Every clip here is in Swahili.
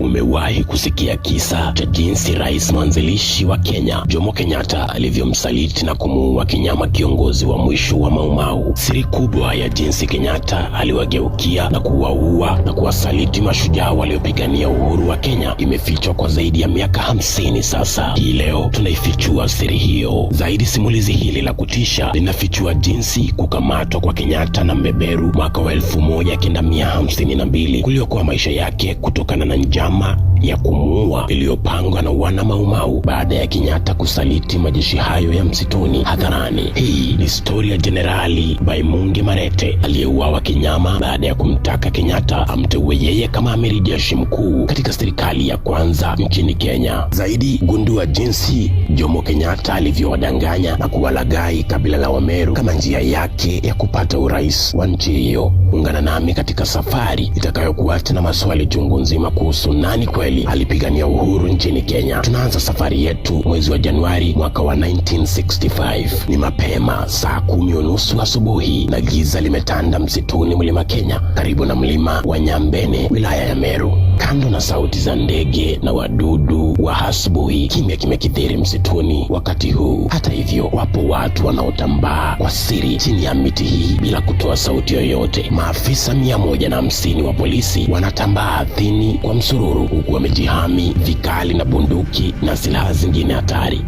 umewahi kusikia kisa cha jinsi rais mwanzilishi wa Kenya Jomo Kenyatta alivyomsaliti na kumuua kinyama kiongozi wa mwisho wa Maumau? Siri kubwa ya jinsi Kenyatta aliwageukia na kuwaua na kuwasaliti mashujaa waliopigania uhuru wa Kenya imefichwa kwa zaidi ya miaka hamsini sasa. Hii leo tunaifichua siri hiyo zaidi. Simulizi hili la kutisha linafichua jinsi kukamatwa kwa Kenyatta na mbeberu mwaka wa elfu moja kenda mia hamsini na mbili maisha yake kutokana na njaa chama ya kumuua iliyopangwa na wana Maumau baada ya Kenyatta kusaliti majeshi hayo ya msituni hadharani. Hii ni stori ya Jenerali Baimungi Marete aliyeuawa kinyama baada ya kumtaka Kenyatta amteue yeye kama amiri jeshi mkuu katika serikali ya kwanza nchini Kenya. Zaidi gundua jinsi Jomo Kenyatta alivyowadanganya na kuwalagai kabila la Wameru kama njia yake ya kupata urais wa nchi hiyo. Ungana nami katika safari itakayokuacha na maswali chungu nzima kuhusu nani kweli kweli alipigania uhuru nchini Kenya. Tunaanza safari yetu mwezi wa Januari mwaka wa 1965. Ni mapema, saa kumi unusu asubuhi, na giza limetanda msituni mlima Kenya, karibu na mlima wa Nyambene, wilaya ya Meru. Kando na sauti za ndege na wadudu wa asubuhi, kimya kimekithiri msituni wakati huu. Hata hivyo, wapo watu wanaotambaa kwa siri chini ya miti hii bila kutoa sauti yoyote. Maafisa mia moja na hamsini wa polisi wanatambaa ardhini kwa msururu huku wamejihami vikali na bunduki na silaha zingine hatari.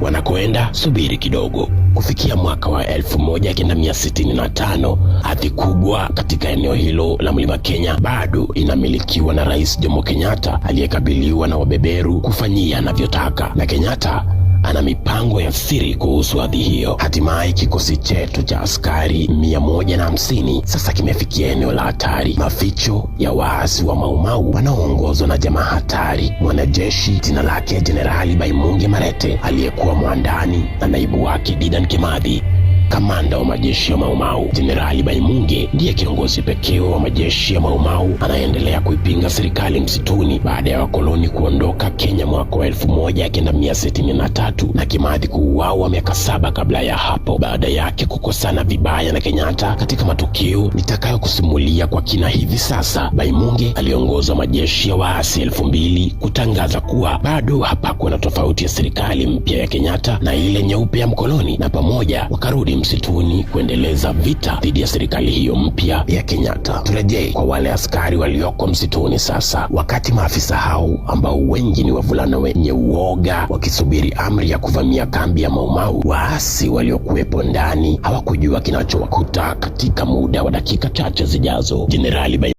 Wanakoenda subiri kidogo. Kufikia mwaka wa 1965 hadhi kubwa katika eneo hilo la mlima Kenya bado inamilikiwa na Rais Jomo Kenyatta aliyekabiliwa na wabeberu kufanyia anavyotaka, na Kenyatta ana mipango ya siri kuhusu hadhi hiyo. Hatimaye kikosi chetu cha askari mia moja na hamsini sasa kimefikia eneo la hatari, maficho ya waasi wa Maumau wanaoongozwa na jamaa hatari, mwanajeshi jina lake Jenerali Baimunge Marete aliyekuwa mwandani na naibu wake Didan Kimathi. Kamanda wa majeshi ya Maumau Jenerali Baimunge ndiye kiongozi pekee wa majeshi ya Maumau anayeendelea kuipinga serikali msituni baada ya wakoloni kuondoka Kenya mwaka wa 1963 na Kimathi kuuawa miaka saba kabla ya hapo, baada yake kukosana vibaya na Kenyatta katika matukio nitakayokusimulia kwa kina hivi sasa. Baimunge aliongoza majeshi ya waasi elfu mbili kutangaza kuwa bado hapakuwa na tofauti ya serikali mpya ya Kenyatta na ile nyeupe ya mkoloni, na pamoja wakarudi msituni kuendeleza vita dhidi ya serikali hiyo mpya ya Kenyatta. Turejee kwa wale askari walioko msituni sasa, wakati maafisa hao ambao wengi ni wavulana wenye uoga wakisubiri amri ya kuvamia kambi ya Maumau, waasi waliokuwepo ndani hawakujua kinachowakuta katika muda wa dakika chache zijazo. Jenerali